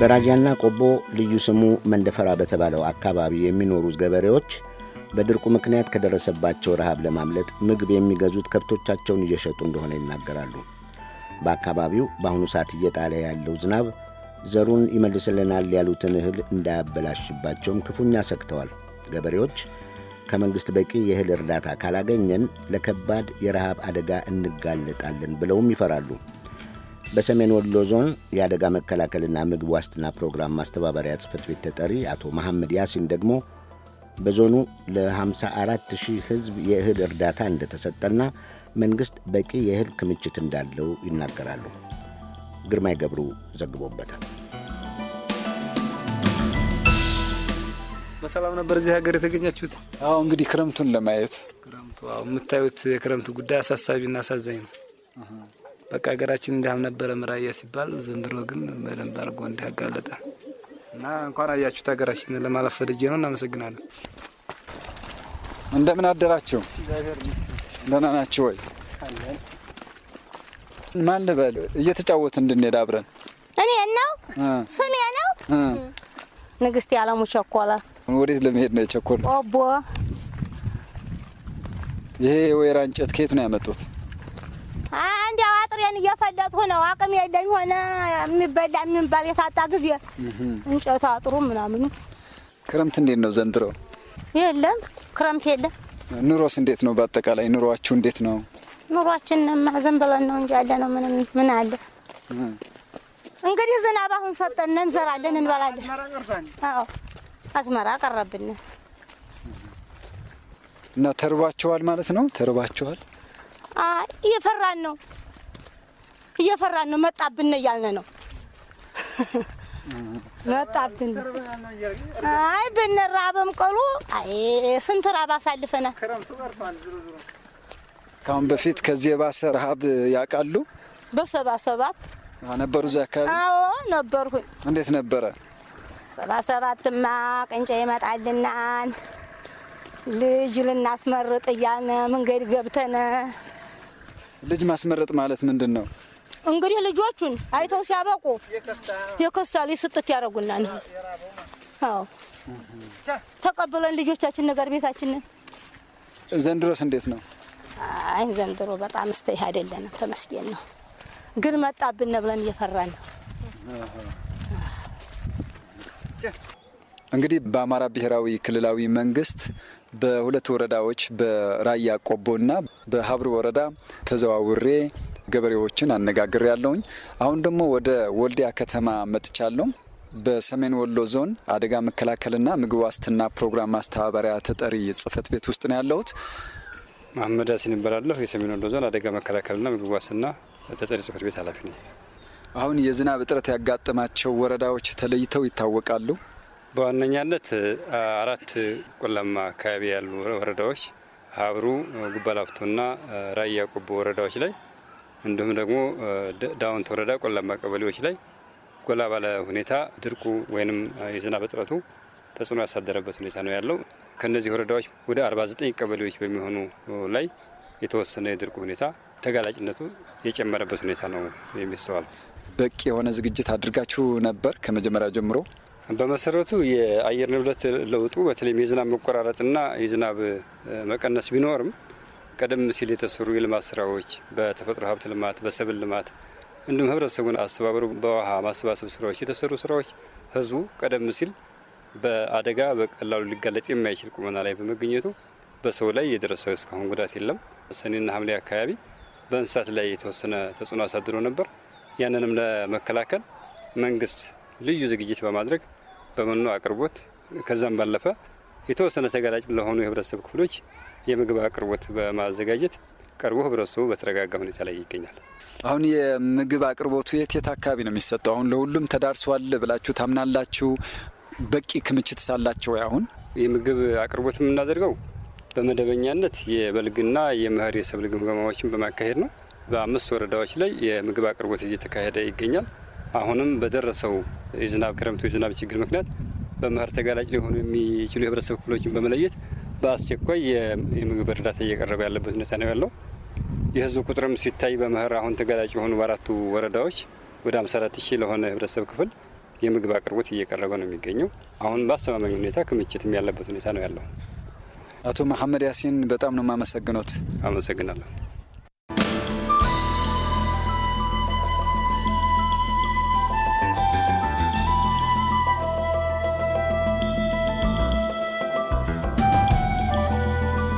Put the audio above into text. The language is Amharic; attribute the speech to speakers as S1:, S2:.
S1: በራጃና ቆቦ ልዩ ስሙ መንደፈራ በተባለው አካባቢ የሚኖሩ ገበሬዎች በድርቁ ምክንያት ከደረሰባቸው ረሃብ ለማምለጥ ምግብ የሚገዙት ከብቶቻቸውን እየሸጡ እንደሆነ ይናገራሉ። በአካባቢው በአሁኑ ሰዓት እየጣለ ያለው ዝናብ ዘሩን ይመልስልናል ያሉትን እህል እንዳያበላሽባቸውም ክፉኛ ሰግተዋል። ገበሬዎች ከመንግሥት በቂ የእህል እርዳታ ካላገኘን ለከባድ የረሃብ አደጋ እንጋለጣለን ብለውም ይፈራሉ። በሰሜን ወሎ ዞን የአደጋ መከላከልና ምግብ ዋስትና ፕሮግራም ማስተባበሪያ ጽህፈት ቤት ተጠሪ አቶ መሐመድ ያሲን ደግሞ በዞኑ ለ54 ሺህ ሕዝብ የእህል እርዳታ እንደተሰጠና መንግሥት በቂ የእህል ክምችት እንዳለው ይናገራሉ። ግርማይ ገብሩ ዘግቦበታል።
S2: በሰላም ነበር እዚህ ሀገር የተገኛችሁት? አዎ እንግዲህ ክረምቱን ለማየት ክረምቱ የምታዩት የክረምቱ ጉዳይ አሳሳቢና አሳዛኝ ነው። በቃ ሀገራችን እንዲህ አልነበረም ራያ ሲባል ዘንድሮ ግን በደንብ አድርጎ እንዲያጋለጠ እና እንኳን አያችሁት ሀገራችን ለማለፍ ፈልጌ ነው። እናመሰግናለን። እንደምን አደራችሁ? ደህና ናችሁ ወይ? ማን ልበል? እየተጫወት እንድንሄድ አብረን
S3: እኔ ነው ስሜ ነው ንግስት ያለሙ ቸኮለ።
S2: ወዴት ለመሄድ ነው የቸኮሉት? ኦቦ። ይሄ ወይራ እንጨት ከየት ነው ያመጡት?
S3: ፍቅሬን እየፈለጥሁ ነው። አቅም የለኝ ሆነ የሚበላ የሚባል የታጣ ጊዜ እንጨቷ አጥሩ ምናምኑ።
S2: ክረምት እንዴት ነው ዘንድሮ?
S3: የለም ክረምት የለም።
S2: ኑሮስ እንዴት ነው? በአጠቃላይ ኑሯችሁ እንዴት ነው?
S3: ኑሯችን ማዘን ብለን ነው እንጂ ያለ ነው ምንም ምን አለ እንግዲህ ዝናብ አሁን ሰጠን፣ እንዘራለን፣ እንበላለን። አዎ አዝመራ ቀረብን
S2: እና ተርባችኋል ማለት ነው። ተርባችኋል
S3: እየፈራን ነው እየፈራን ነው። መጣብን እያልን ነው። መጣብን። አይ ብንራበም ቅሉ አይ ስንት ራብ አሳልፈናል።
S2: ከአሁን በፊት ከዚህ የባሰ ረሃብ ያውቃሉ?
S3: በሰባ ሰባት
S2: ነበሩ እዚያ አካባቢ?
S3: አዎ ነበርኩኝ። እንዴት ነበረ? ሰባ ሰባትማ ቅንጨ ይመጣልናል ልጅ ልናስመርጥ እያልን መንገድ ገብተን
S2: ልጅ ማስመረጥ ማለት ምንድን ነው?
S3: እንግዲህ ልጆቹን አይተው ሲያበቁ የከሳል ስጥት ያደረጉና ነው። አዎ ተቀብለን ልጆቻችን ነገር ቤታችንን።
S2: ዘንድሮስ እንዴት ነው?
S3: አይ ዘንድሮ በጣም እስተይህ አይደለንም፣ ተመስገን ነው። ግን መጣብን ብለን እየፈራን ነው።
S2: እንግዲህ በአማራ ብሔራዊ ክልላዊ መንግስት በሁለት ወረዳዎች በራያ ቆቦና በሀብር ወረዳ ተዘዋውሬ ገበሬዎችን አነጋግሬ ያለውኝ። አሁን ደግሞ ወደ ወልዲያ ከተማ መጥቻለሁ። በሰሜን ወሎ ዞን አደጋ መከላከልና ምግብ ዋስትና ፕሮግራም ማስተባበሪያ ተጠሪ ጽህፈት ቤት ውስጥ ነው ያለሁት።
S4: መሀመድ ያሲን ይባላለሁ። የሰሜን ወሎ ዞን አደጋ መከላከልና ምግብ ዋስትና ተጠሪ ጽህፈት ቤት ኃላፊ ነኝ።
S2: አሁን የዝናብ እጥረት ያጋጠማቸው ወረዳዎች ተለይተው ይታወቃሉ።
S4: በዋነኛነት አራት ቆላማ አካባቢ ያሉ ወረዳዎች ሀብሩ፣ ጉባላፍቶና ራያ ቆቦ ወረዳዎች ላይ እንዲሁም ደግሞ ዳውንት ወረዳ ቆላማ ቀበሌዎች ላይ ጎላ ባለ ሁኔታ ድርቁ ወይንም የዝናብ እጥረቱ ተጽዕኖ ያሳደረበት ሁኔታ ነው ያለው። ከእነዚህ ወረዳዎች ወደ 49 ቀበሌዎች በሚሆኑ ላይ የተወሰነ የድርቁ ሁኔታ ተጋላጭነቱ የጨመረበት ሁኔታ ነው የሚስተዋል።
S2: በቂ የሆነ ዝግጅት አድርጋችሁ ነበር ከመጀመሪያ ጀምሮ?
S4: በመሰረቱ የአየር ንብረት ለውጡ በተለይም የዝናብ መቆራረጥና የዝናብ መቀነስ ቢኖርም ቀደም ሲል የተሰሩ የልማት ስራዎች በተፈጥሮ ሀብት ልማት፣ በሰብል ልማት እንዲሁም ህብረተሰቡን አስተባበሩ በውሃ ማሰባሰብ ስራዎች የተሰሩ ስራዎች ህዝቡ ቀደም ሲል በአደጋ በቀላሉ ሊጋለጥ የማይችል ቁመና ላይ በመገኘቱ በሰው ላይ የደረሰው እስካሁን ጉዳት የለም። ሰኔና ሐምሌ አካባቢ በእንስሳት ላይ የተወሰነ ተጽዕኖ አሳድሮ ነበር። ያንንም ለመከላከል መንግስት ልዩ ዝግጅት በማድረግ በመኖ አቅርቦት ከዛም ባለፈ የተወሰነ ተጋላጭ ለሆኑ የህብረተሰብ ክፍሎች የምግብ አቅርቦት በማዘጋጀት ቀርቦ ህብረተሰቡ በተረጋጋ ሁኔታ ላይ ይገኛል። አሁን
S2: የምግብ አቅርቦቱ የት የት አካባቢ ነው የሚሰጠው? አሁን ለሁሉም ተዳርሷል ብላችሁ ታምናላችሁ?
S4: በቂ ክምችት ሳላቸው አሁን የምግብ አቅርቦት የምናደርገው በመደበኛነት የበልግና የመኸር የሰብል ግምገማዎችን በማካሄድ ነው። በአምስት ወረዳዎች ላይ የምግብ አቅርቦት እየተካሄደ ይገኛል። አሁንም በደረሰው የዝናብ ክረምቱ የዝናብ ችግር ምክንያት በመኸር ተጋላጭ ሊሆኑ የሚችሉ የህብረተሰብ ክፍሎችን በመለየት በአስቸኳይ የምግብ እርዳታ እየቀረበ ያለበት ሁኔታ ነው ያለው። የህዝብ ቁጥርም ሲታይ በመኸር አሁን ተጋላጭ የሆኑ በአራቱ ወረዳዎች ወደ 54 ሺህ ለሆነ ህብረተሰብ ክፍል የምግብ አቅርቦት እየቀረበ ነው የሚገኘው። አሁን በአስተማማኝ ሁኔታ ክምችትም ያለበት ሁኔታ ነው ያለው። አቶ
S2: መሐመድ ያሲን በጣም ነው የማመሰግኖት።
S4: አመሰግናለሁ።